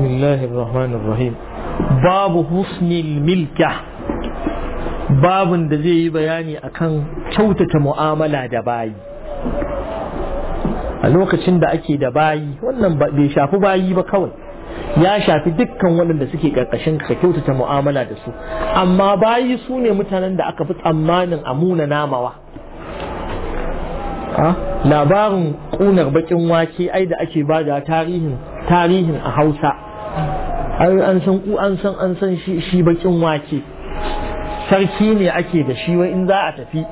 بسم الله الرحمن الرحيم da zai yi bayani akan kyautata mu'amala da bayi a lokacin da ake da bayi wannan bai shafi bayi ba kawai ya shafi dukkan waɗanda suke ƙarƙashin ka kyautata mu'amala da su amma bayi su ne mutanen da aka fi tsammanin amuna namawa ah, labarin ƙunar baƙin wake ai da ake bada tarihin a hausa an san ku an san an san shi shi bakin wake sarki ne ake da shi wai in za a tafi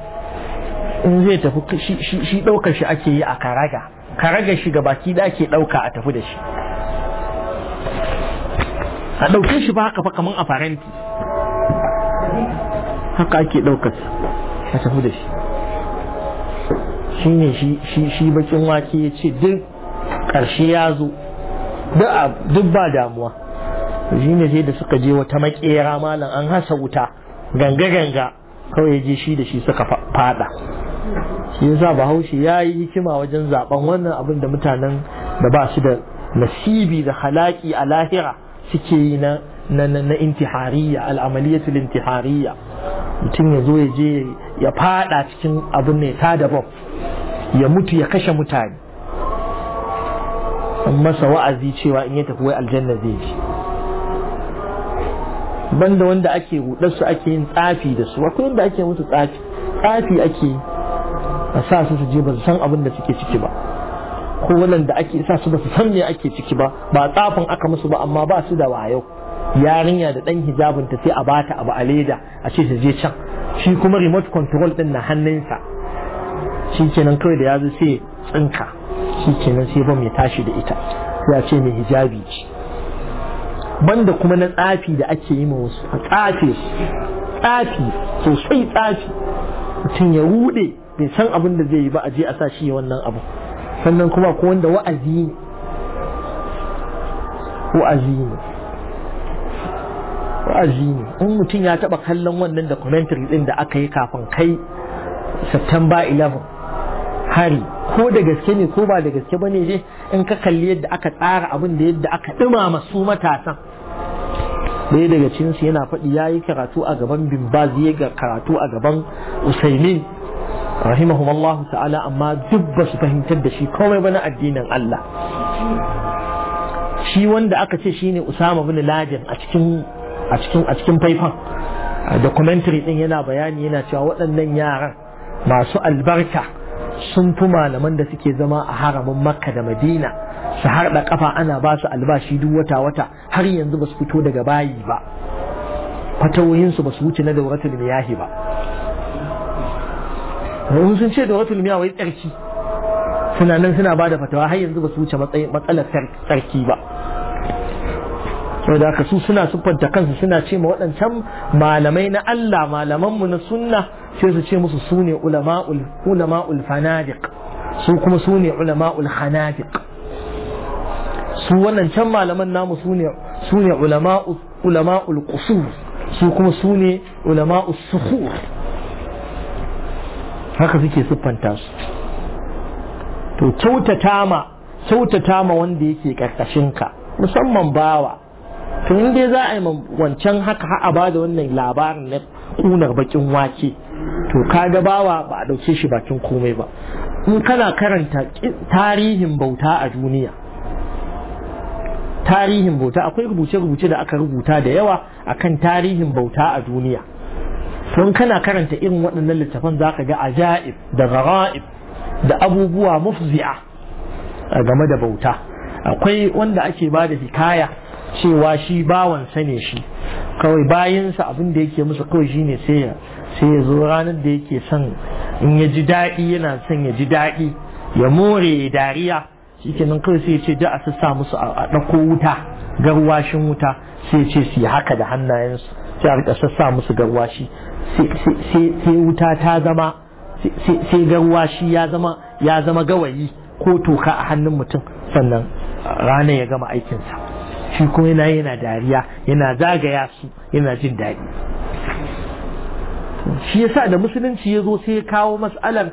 in zai tafi shi ɗaukar shi ake yi a karaga karaga shi ga baki da ake ɗauka a tafi da shi a ɗauke shi ba haka fa kaman a faranti haka ake ɗaukar a tafi da shi shi ne shi bakin wake ya ce duk ƙarshe ya zo duk ba damuwa shi ne sai da suka je wata makera malam an hasa wuta ganga ganga kawai je shi da shi suka fada shi yasa bahaushe ya yi hikima wajen zaben wannan abin da mutanen da ba su da nasibi da halaki a lahira suke yi na na na intihariya al'amaliyatul intihariya mutum ya zo ya je ya fada cikin abin ne ta daban ya mutu ya kashe mutane masa wa'azi cewa in ya tafi wai aljanna zai ji banda wanda ake rudar su ake yin tsafi da su akwai yadda ake musu tsafi tsafi ake a sa su su je ba su san abin da suke ciki ba ko wannan da ake sa su ba su san me ake ciki ba ba tsafin aka musu ba amma ba su da wayo yarinya da dan ta sai a bata abu a leda a ce ta je can shi kuma remote control din na hannunsa shi kenan kawai da ya zo sai tsinka shi kenan sai bam ya tashi da ita ya ce mai hijabi ce banda kuma na tsafi da ake yi ma wasu a tsafi tsafi sosai tsafi mutum ya rude bai san abin da zai yi ba a je a sa shi wannan abu sannan kuma ko wanda wa'azi ne wa'azi ne wa'azi ne in mutum ya taba kallon wannan documentary din da aka yi kafin kai September 11 hari ko da gaske ne ko ba da gaske ba ne in ka kalli yadda aka tsara abin da yadda aka ɗumama su matasan ɗaya daga cinsu yana faɗi ya yi karatu a gaban bimbaz ya ga karatu a gaban usaimin rahimahumallahu ta'ala amma duk ba su fahimtar da shi komai ba na addinin Allah shi wanda aka ce shi ne usama bin laden a cikin a cikin a faifan documentary ɗin yana bayani yana cewa waɗannan yaran masu albarka sun fi malaman da suke zama a haramin makka da madina su harɗa kafa ana ba su albashi duk wata wata har yanzu ba su fito daga bayi ba fatawoyinsu ba su wuce na dauratul miyahi ba in sun ce dauratul miyahi wai tsarki suna nan suna ba da fatawa har yanzu ba su wuce matsalar tsarki ba saboda haka su suna siffanta kansu suna ce ma waɗancan malamai na Allah malamanmu na sunna sai su ce musu su ne ulama'ul fanadiq su kuma su ne ulama'ul hanadiq su waɗancan malaman namu su ne su ulama'ul qusur su kuma su ne ulama'ul suhur haka suke siffanta su to kyautata ma kyautata ma wanda yake karkashin ka musamman bawa to in dai za a yi wancan haka ha a da wannan labarin na kunar bakin wake to kaga bawa ba a dauke shi bakin komai ba in kana karanta tarihin bauta a duniya tarihin bauta akwai rubuce-rubuce da aka rubuta da yawa akan tarihin bauta a duniya don kana karanta irin waɗannan littafan za ka ga ajaib da gara'ib da abubuwa mufzi'a a game da bauta akwai wanda ake ba da hikaya cewa shi bawansa ne shi kawai bayansa abin da yake musu kawai shi ne sai ya zo ranar da yake son in ya ji daɗi yana son ya ji daɗi ya more ya dariya shi nan kawai sai ya ce da a sassa musu a ɗauko wuta garwashin wuta sai ce su yi haka da hannayensu sai a rika sassa musu garwashi sai wuta ta zama sai garwashi ya zama ya zama gawayi ko toka a hannun mutum sannan rana ya gama aikinsa shi kuma yana yana dariya yana zagaya su yana jin daɗi shi yasa da musulunci ya zo sai ya kawo mas'alar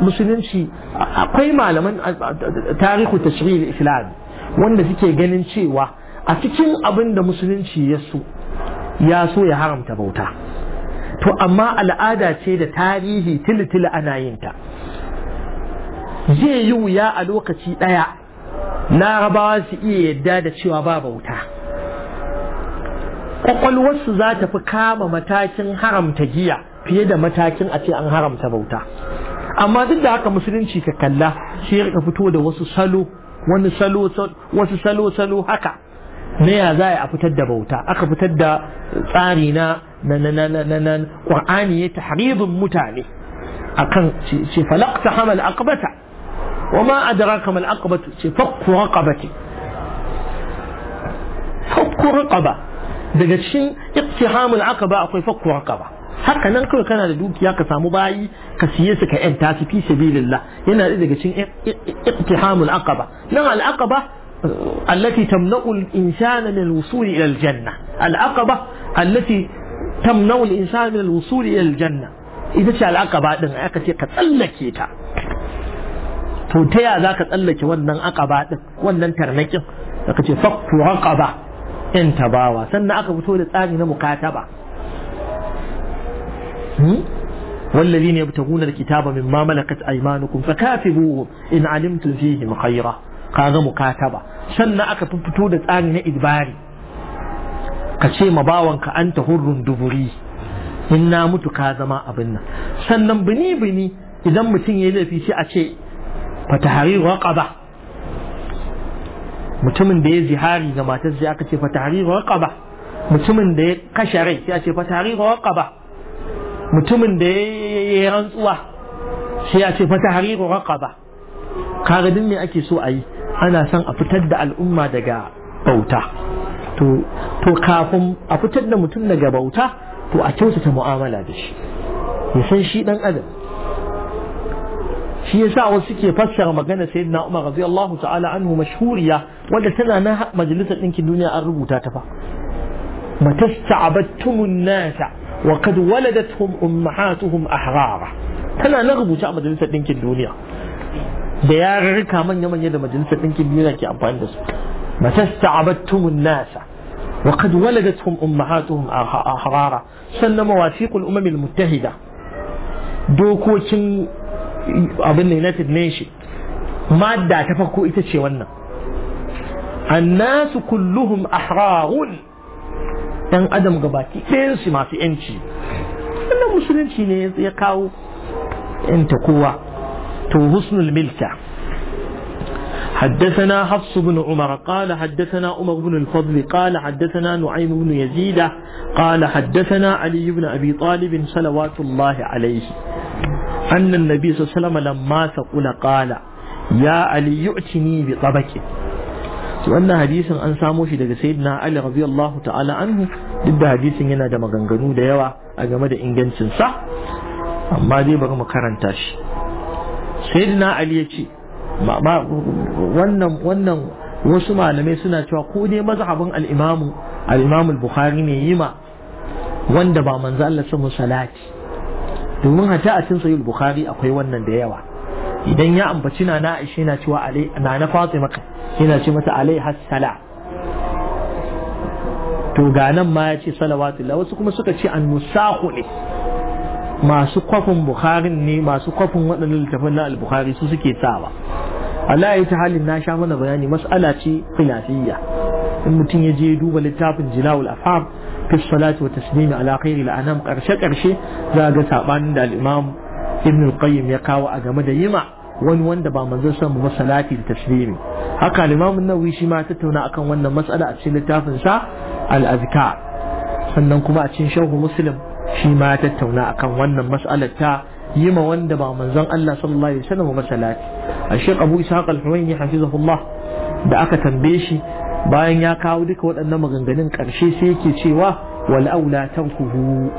musulunci akwai malaman tarihu tashri'il islam wanda suke ganin cewa a cikin abin da musulunci ya so ya so ya haramta bauta to amma al'ada ce da tarihi tilitili ana yin ta zai yi wuya a lokaci ɗaya larabawa su iya yadda da cewa ba bauta kwakwalwarsu za ta fi kama matakin haramta giya fiye da matakin a ce an haramta bauta amma duk da haka musulunci ka kalla shi ka fito da wasu salo wani salo wasu salo salo haka na ya za a fitar da bauta aka fitar da tsari na na na na na ya tahridun mutane akan ce falaqta hamal aqbata وما أدراك ما العقبة فك رقبة فك رقبة دجشين اقتحام العقبة أو فك رقبة حقا نقول كان لدوك ياك سامباي كسيس كأنتاس في سبيل الله هنا دجشين اقتحام العقبة نعم العقبة آه، التي تمنع الإنسان من الوصول إلى الجنة العقبة التي تمنع الإنسان من الوصول إلى الجنة إذا شاء العقبة أن أكتي قد ألكيتها to ta ya za ka tsallake wannan aqaba din wannan tarnakin da ka ce fakku aqaba in tabawa sannan aka fito da tsari na mukataba ne ta والذين يبتغون الكتاب مما ملكت أيمانكم فكاتبوهم إن علمتم فيهم خيرا kaga mukataba sannan aka fito da tsari na idbari ka ce ma bawanka an ta hurrun duburi in na mutu ka zama abin nan sannan bini bini idan mutum ya laifi shi a ce fatahari raqaba mutumin da ya zihari ga matar sai aka ce fatahari raqaba mutumin da ya kashe rai sai a ce fatahari raqaba mutumin da ya rantsuwa sai a ce fatahari raqaba kaga din me ake so a yi ana son a fitar da al'umma daga bauta to kafin a fitar da mutum daga bauta to a kyautata mu'amala da shi ya san shi dan adam shi yasa wasu ke fassara magana sayyidina Umar radiyallahu ta'ala anhu mashhuriya wanda tana na majalisar dinki duniya an rubuta ta fa matasta'abattumun nasa wa kad waladatuhum ummahatuhum ahrara tana na rubuta a majalisar ɗinkin duniya da ya rika manya-manya da majalisar ɗinkin duniya ke amfani da su matasta'abattumun nasa wa kad waladatuhum ummahatuhum ahrara sannan mawafiqul umamil muttahida dokokin abin United Nations madda ta farko ita ce wannan annasu kulluhum ahrarun dan adam gabaki su masu yanci wannan musulunci ne ya kawo yanta kowa to husnul milka حدثنا حفص بن عمر قال حدثنا عمر بن الفضل قال حدثنا نعيم بن يزيد قال حدثنا علي بن أبي طالب صلوات الله عليه annan النبي صلى الله عليه وسلم لما ثقل قال يا علي يؤتني بطبق wannan hadisin an samo shi daga sayyidina Ali radiyallahu ta'ala anhu duk da hadisin yana da maganganu da yawa a game da ingancin sa amma dai bari mu karanta shi sayyidina Ali ya ce wannan wannan wasu malamai suna cewa ko dai mazhabin al-Imam al-Imam al-Bukhari ne yima wanda ba manzo Allah sallallahu salati domin hata a cin sahih bukhari akwai wannan da yawa idan ya ambaci na na aisha yana cewa alai na na fatima yana ce mata alai hassala to ga nan ma ya ce salawatullah wasu kuma suka ce an musahu ne masu kwafin bukharin ne masu kwafin waɗannan littafin na al-bukhari su suke sawa Allah ya ta halin na sha mana bayani mas'ala ce khilafiyya in mutum ya je duba littafin jilawul afam fi salati wa taslimi ala khairi al karshe karshe za ga sabanin da al-imam ibn al-qayyim ya kawo a game da yima wani wanda ba manzon san ba salati da taslimi haka al-imam an-nawawi shi ma tattauna akan wannan mas'ala a cikin littafin sa al-azkar sannan kuma a cikin shahu muslim shi ma tattauna akan wannan mas'alar ta yi wanda ba manzon Allah sallallahu alaihi wasallam masalati a shek abu ishaq al-humayni hafizahullah da aka tambaye shi bayan ya kawo duka waɗannan maganganun ƙarshe sai yake cewa wal'aula aula kuhu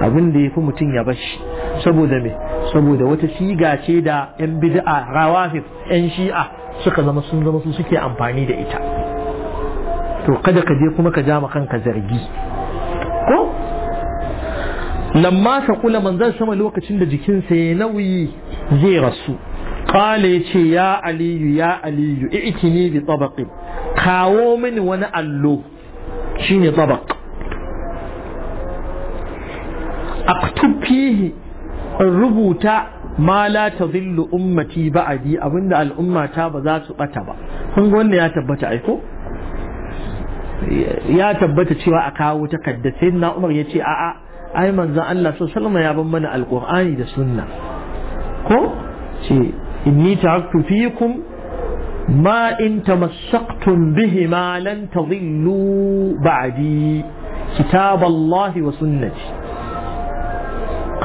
abin da fi mutum ya bashi saboda me saboda wata siga ce da yan bid'a rawafif yan shi'a suka zama sun zama su suke amfani da ita to kada ka je kuma ka ja kanka zargi ko lamma ka kula manzan sama lokacin da jikinsa ya nauyi zai rasu قال يا علي يا علي ائتني بطبق kawo mini wani allo shine tabaq aktub fihi rubuta ma la tadhillu ummati ba'di abinda al'ummata ba za su bata ba kun wannan ya tabbata aiko ya tabbata cewa a kawo takardar sai na umar ya ce a'a ai manzon Allah so salma ya ban mana alqur'ani da sunna ko ce inni taraktu fiikum ma in tamassaktum bihima lan tadhillu ba'di kitab Allah wa sunnati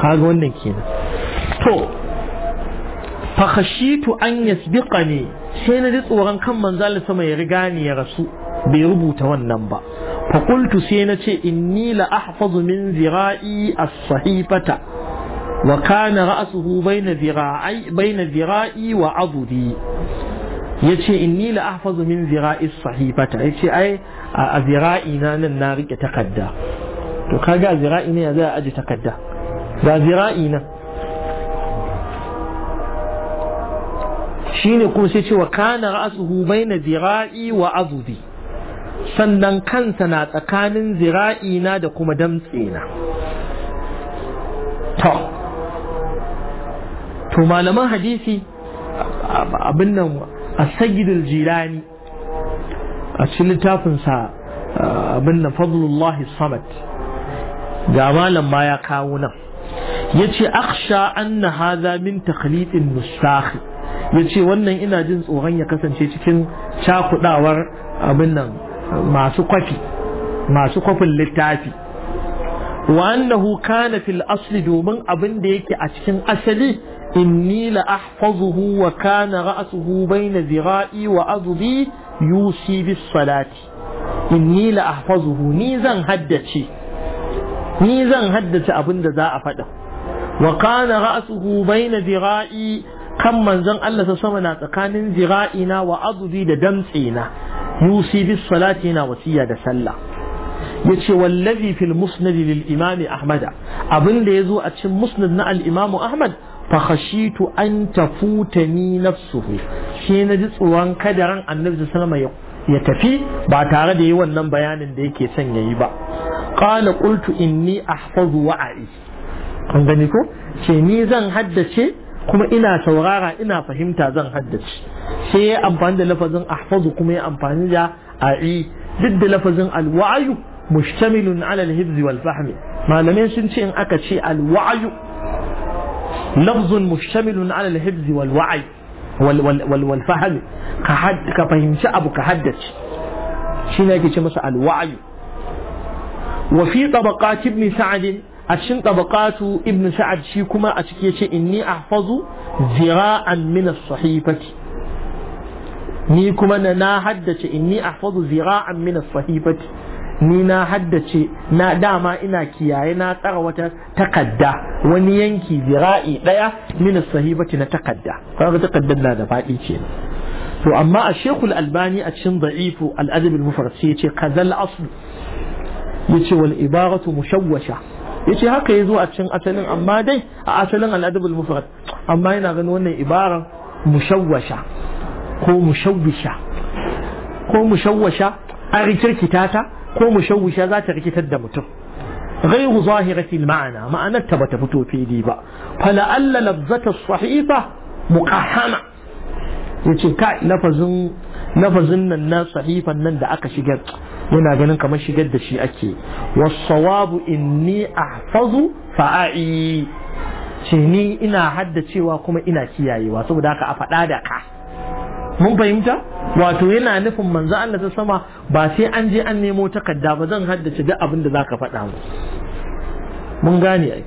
kaga wannan kenan to fa khashitu an ne, sai na ji tsoron kan manzal sama ya riga ni ya rasu bai rubuta wannan ba Faƙultu sai na ce inni la ahfazu min zira'i as-sahifata wa kana ra'suhu bayna zira'i bayna zira'i wa azdi ya ce inni la ahfazu min zira'is sahifata ya ce ai a zira'i na nan na rike takadda to kaga zira'i ne za a aji takadda ga zira'i na shine kuma sai ce wa kana ra'suhu baina zira'i wa azubi sannan kansa na tsakanin zira'i na da kuma damtse na to malaman hadisi abin nan jirani, a cikin littafinsa, abin fadlullahi samad ga malam ma ya kawo nan ya ce aksha na haza min takhliqin mustaki. ya ce wannan ina jin tsoron ya kasance cikin cakudawar abin nan masu kwafi masu kwafin littafi wa annahu kana fil asli domin abin da yake a cikin asali inni la ahfazuhu wa kana ra'suhu zira'i wa azbi yusi salati inni la ahfazuhu ni zan haddace ni abin da za a faɗa Wakana kana ra'suhu zira'i kan manzon Allah sama na tsakanin zira'ina wa azbi da damtsena na. bis salati na wasiya da sallah yace wallazi fil musnad lil imam ahmad abin da yazo a cikin musnad na al imam ahmad fahashitu an ni nafsuhu shi na ji tsoron kadaran ran annabi salama ya tafi ba tare da yi wannan bayanin da yake son yayi ba qala qultu inni ahfazu wa'i an gani ko ce ni zan haddace kuma ina saurara ina fahimta zan haddace sai ya amfani da lafazin ahfazu kuma ya amfani da a'i duk da lafazin alwa'ayu mushtamilun ala alhibzi wal fahmi malamai sun ce in aka ce alwa'yu لفظ مشتمل على الحفظ والوعي وال وال وال والفهم كحد كفهم شعب كحدج شنو يجي شمس الوعي وفي طبقات ابن سعد أشن طبقات ابن سعد شيكما شي إني أحفظ ذراعا من الصحيفة نيكما انا حدش إني أحفظ ذراعا من الصحيفة ni na haddace na dama ina kiyaye na tsara wata takadda wani yanki zira'i daya min sahibati na takadda kaga takaddar na da fadi ce to amma a shekul albani a cikin da'ifu al'adab al-mufrad sai yace kazal asl yace wal ibaratu mushawwasha yace haka yazo a cikin asalin amma dai a asalin al'adab al-mufrad amma ina ganin wannan ibaran mushawwasha ko mushawwisha ko mushawwasha a rikirkita ta ko mushawisha za ta rikitar da mutum غير ظاهرة المعنى ما أنا تبتبتو في ديبا فلعل لفظة الصحيفة مقحمة yace kai lafazin lafazin nan na sahifan nan da aka shigar yana ganin kamar shigar da shi ake was-sawabu inni ahfazu fa'i ce ni ina haddacewa kuma ina kiyayewa saboda haka a faɗa da ka mun fahimta wato yana nufin manzo Allah ta sama ba sai an je an nemo takarda ba zan haddace duk abin da zaka faɗa mu mun gane ai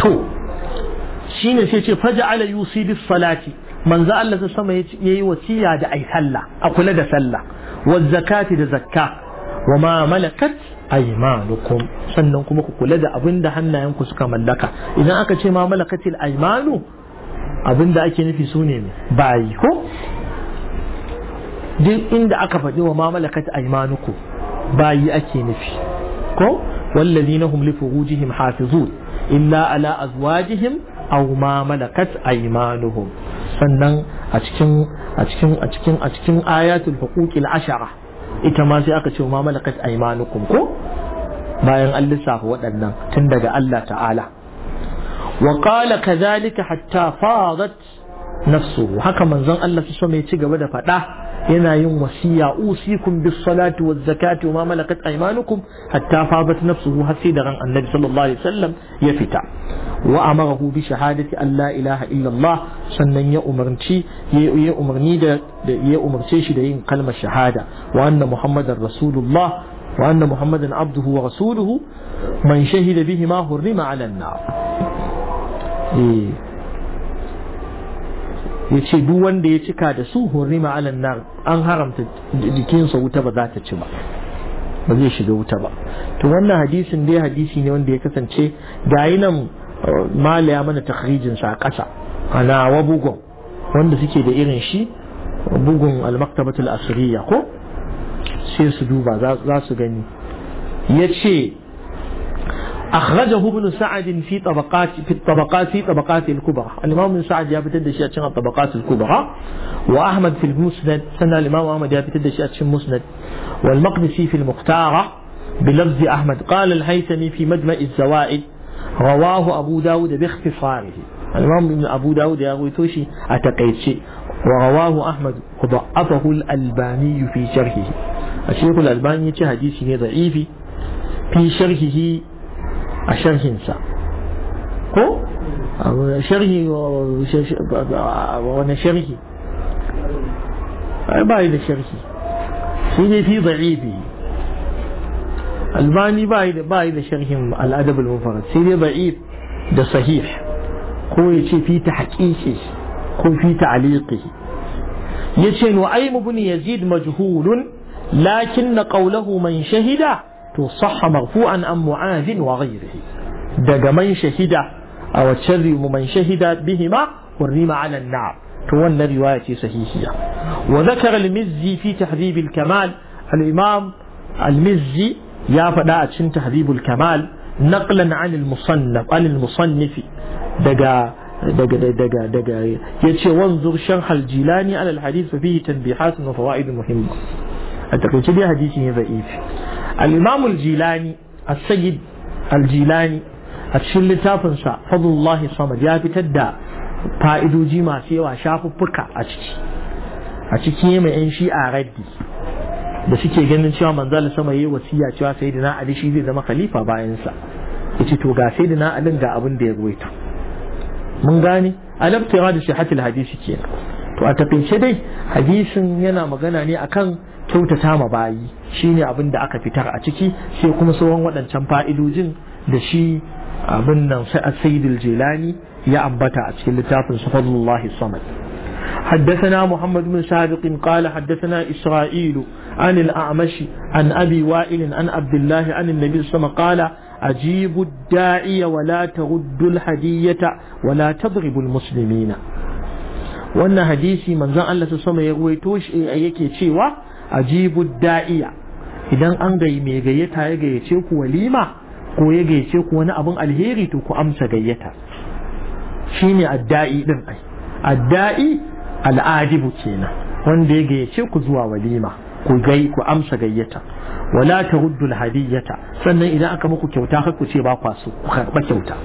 to shine sai ce faja'ala yusi salati manzo Allah ta sama yayi wasiya da ai sallah a kula da sallah wa zakati da zakka wa ma malakat aymanukum sannan kuma ku kula da abinda hannayenku suka mallaka idan aka ce ma malakatil aymanu abinda ake nufi sune ne bayi ko duk inda aka faɗi wa mamalakat aymanuku bayi ake nufi ko Wallazi na li furujihim hafizu. illa ala azwajihim aw ma malakat aymanuhum sannan a cikin a cikin a cikin a cikin ayatul huquqil ashara ita ma sai aka ce ma malakat aymanukum ko bayan an lissafa waɗannan tun daga Allah ta'ala wa qala kadhalika hatta fadat nafsuhu haka manzon Allah su so mai ci gaba da faɗa yana yin wasiya usikum bis salati waz zakati wa ma malakat aymanukum hatta fadat nafsuhu har sai da ran annabi sallallahu alaihi wasallam ya fita wa amarahu bi shahadati an la ilaha illa allah sannan ya umarci ya ya umarni da ya umarce shi da yin kalmar shahada wa anna muhammadar rasulullah wa anna muhammadan abduhu wa rasuluhu man shahida bihi ma hurrima ala an-nar ya ce duk wanda ya cika da su hurrima alan nar an haramta jikinsa wuta ba za ta ci ba ba zai shiga wuta ba to wannan hadisin dai hadisi ne wanda ya kasance ga nan malaya mana takhrijin sa a ƙasa ana wa bugun wanda suke da irin shi bugun al-maktabatul asriya ko sai su duba za su gani ya ce أخرجه ابن سعد في طبقات في الطبقات في طبقات الكبرى الإمام ابن سعد يا بتد شيء الطبقات الكبرى وأحمد في المسند سنة الإمام أحمد يا بتد شيء المسند والمقدسي في المختارة بلفظ أحمد قال الهيثمي في مجمع الزوائد رواه أبو داود باختصاره الإمام أبو داود يا غويتوشي شيء ورواه أحمد وضعفه الألباني في شرحه الشيخ الألباني حديثه ضعيف في شرحه عشان هنسى هو شرهي وانا شرهي ما بايده شرهي سيدي في ضعيفي الماني بايده بايده ما شرهي الأدب المفرد سيدي ضعيف ده صحيح هو يشي في تحقيقه هو في تعليقه يشين وأي مبني يزيد مجهول لكن قوله من شهد تصح مرفوعا عن معاذ وغيره دقا من شهد أو تشري من شهد بهما والرمى على النعم تون رواية صحيحية وذكر المزي في تحذيب الكمال الإمام المزي يا فداء تحذيب الكمال نقلا عن المصنف عن المصنف دقا دقا دقا دقا يتشي وانظر شرح الجيلاني على الحديث ففيه تنبيحات وفوائد مهمة أتقل كده حديثي يبقى الإمام الجيلاني السيد jilani as-sayyid Aljilani a cikin littafin sa fadlullahi samad ya fitar da fa'idoji masu yawa shafuffuka a ciki a ciki mai yan shi'a raddi da suke ganin cewa manzal sama yi wasiya cewa sayyidina ali shi zai zama khalifa bayansa. Ya ce to ga sayyidina ali ga abin da ya ruwaita mun gane alabtira da hatil hadisi kenan to a takaice dai hadisin yana magana ne akan kyautata ma bayi shine abin da aka fitar a ciki sai kuma sauran waɗancan fa'idojin da shi abin nan sayyidul jilani ya ambata a cikin littafin safadullahi samad حدثنا محمد بن سابق قال حدثنا إسرائيل عن الأعمش عن أبي وائل عن عبد الله عن النبي صلى الله عليه وسلم قال أجيب الداعي ولا ترد الهدية ولا تضرب المسلمين وأن حديثي من زعل الله يروي توش أيكي تشيوه ajibu da'iya idan an ga mai gayyata ya gayyace ku walima ko ya gayyace ku wani abin alheri to ku amsa gayyata shine adda'i din ai adda'i al'adibu kenan wanda ya gayyace ku zuwa walima ku gai ku amsa gayyata wala ta ruddul hadiyata sannan idan aka muku kyauta kar ku ce ba kwa ku karba kyauta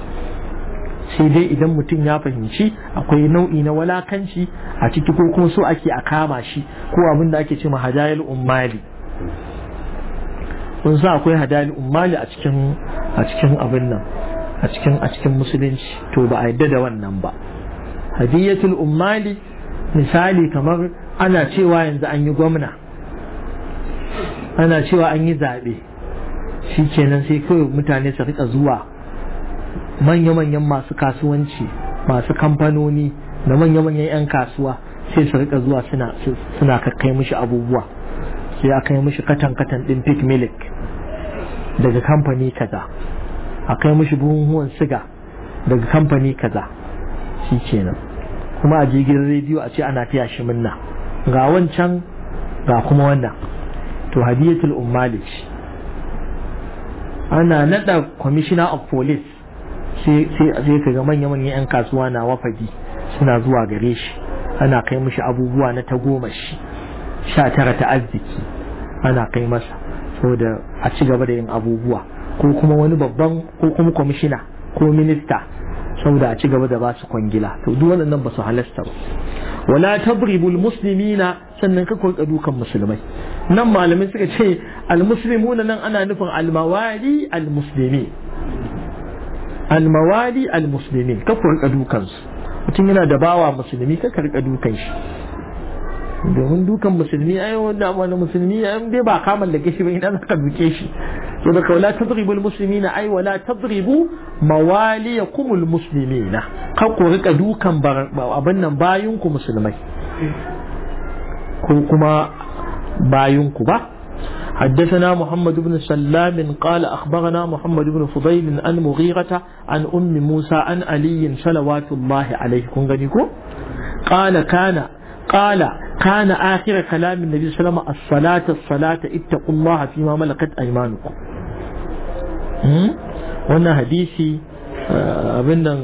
sai dai idan mutum ya fahimci akwai nau'i na walakanci a ciki ko kuma so ake a kama shi ko abin da ake ce ma hadayil ummali kun sa akwai hadayil ummali a cikin abin nan a cikin a cikin musulunci to ba a yadda da wannan ba hadiyatul ummali misali kamar ana cewa yanzu an yi gwamna ana cewa an yi zaɓe shi kenan sai kawai mutane su rika zuwa manya-manyan masu kasuwanci masu kamfanoni da manya-manyan 'yan kasuwa sai su rika zuwa suna kai mishi abubuwa sai a yi mishi katan-katan ɗin pig milk daga kamfani kaza a yi mishi buhunhuwan siga daga kamfani kaza shi nan kuma a jirgin rediyo a ce ana fiya shi minna ga wancan ga kuma wannan to hadiyatul ummalic ana nada commissioner of police sai ka ga manya-manyan 'yan kasuwa na wafadi suna zuwa gare shi ana kai mashi abubuwa na ta goma shi sha tara ta arziki ana kai masa saboda a ci gaba da yin abubuwa ko kuma wani babban ko kuma kwamishina ko minista saboda a ci gaba da ba su kwangila to duk waɗannan ba su halasta ba wala tabribul muslimina sannan ka kurka dukan musulmai nan malamai suka ce al nan ana nufin al mawali al almawali almuslimin ka ku rika dukansu mutum yana da bawa musulmi ka ka rika dukan shi domin dukan musulmi ai wanda wani musulmi ai bai ba kamar da shi ba idan ka duke shi to da kawla tadribu almuslimina ai wala tadribu mawaliyakum almuslimina ka ku rika dukan abin nan ku musulmai ko kuma bayan ku ba حدثنا محمد بن سلام قال أخبرنا محمد بن فضيل عن مغيرة عن أم موسى عن علي صلوات الله عليه قال كان قال كان آخر كلام النبي صلى الله عليه وسلم الصلاة الصلاة اتقوا الله فيما ملكت أيمانكم wannan hadisi abin nan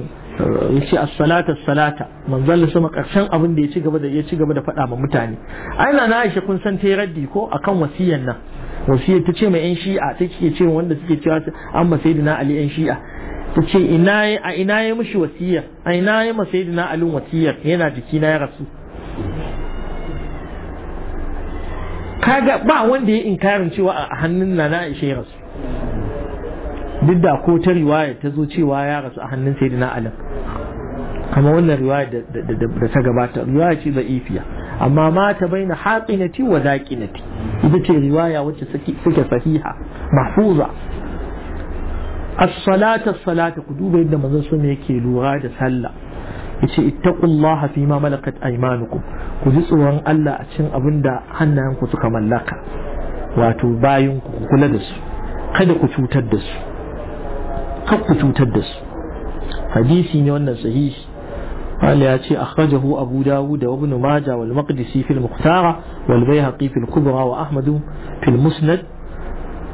ya ce as-salata as-salata manzon sama karshen abin da ya ci gaba da ya ci gaba da faɗa ma mutane ai na Aisha kun san ta raddi ko akan wasiyan nan wasiyar ta ce mai yan shi'a ta ke ce wanda suke cewa an ma sayyidina ali yan shi'a ta ce a ina ya mishi wasiyar a ina ya ma sayyidina ali wasiyar yana jiki na ya rasu kaga ba wanda ya inkarin cewa a hannun na na ishe ya rasu duk da ko ta riwaya ta zo cewa ya rasu a hannun sayyidina ali kama wannan riwaya da ta gabata riwaya ce da ifiya amma mata baina haqinati wa zaqinati ita ce riwaya wacce suke sahiha mahfuza as-salata as-salata ku duba yadda manzon sun yake lura da sallah yace ittaqullaha fi ma malakat aymanukum ku ji tsoron Allah a cikin abin da hannanku suka mallaka wato bayin ku kula da su kada ku cutar da su kada ku cutar da su hadisi ne wannan sahihi قال ياتي أخرجه أبو داود وابن ماجة والمقدسي في المختارة والبيهقي في الكبرى وأحمد في المسند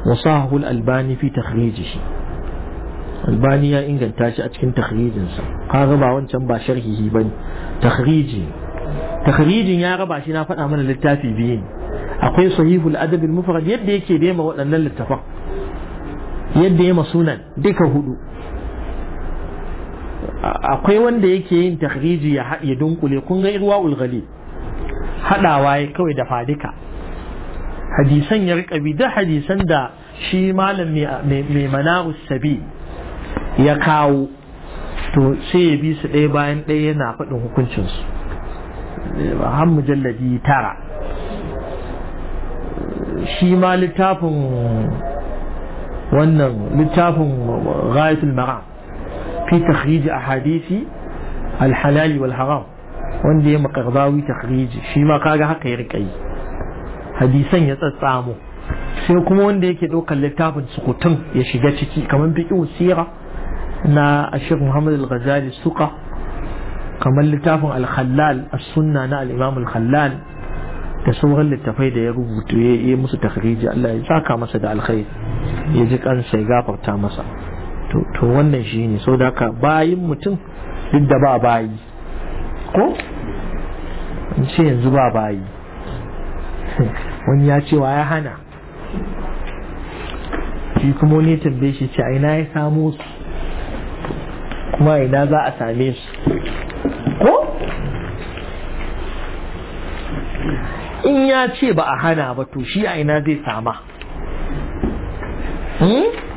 وصاحه الألباني في تخريجه الباني يا إنجن تاشي أتكن تخريج هذا ما وانتم باشره بن تخريجي تخريجي يا رب عشان أفهم أمن للتافي بين أقول صحيح الأدب المفرد يد يكي ديما وأن للتفق يد يما سنن ديك هدوء akwai wanda yake yin takhriji ya ya dunkule kun ga irwa ulghali hadawa yake kawai da fadika hadisan ya rika bi da hadisan da shi malam mai manaru sabi ya kawo to sai ya bi su ɗaya bayan ɗaya yana faɗin hukuncinsu han mujalladi tara shi ma littafin wannan littafin ghayatul maram fi takhrij ahadisi alhalali wal haram wanda ya makarzawi takhrij shi ma kaga haka ya rika hadisan ya tsatsamo sai kuma wanda yake ɗaukar littafin sukutun ya shiga ciki kamar fiƙi sira na ashir muhammad al-ghazali suka kamar littafin al-khallal as-sunna na al-imam al-khallal da sauran littafai da ya rubuta ya yi musu takhriji Allah ya saka masa da alkhairi ya ji kansa ya gafarta masa to wannan shi ne so da ka bayin mutum duk da ba bayi ko in ce yanzu ba bayi wani ya ce wa ya hana shi kuma wani tambaye shi ce ina ya samu su kuma ina za a same su ko in ya ce ba a hana ba to shi a ina zai sama hmm?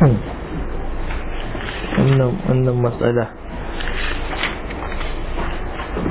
wannan matsala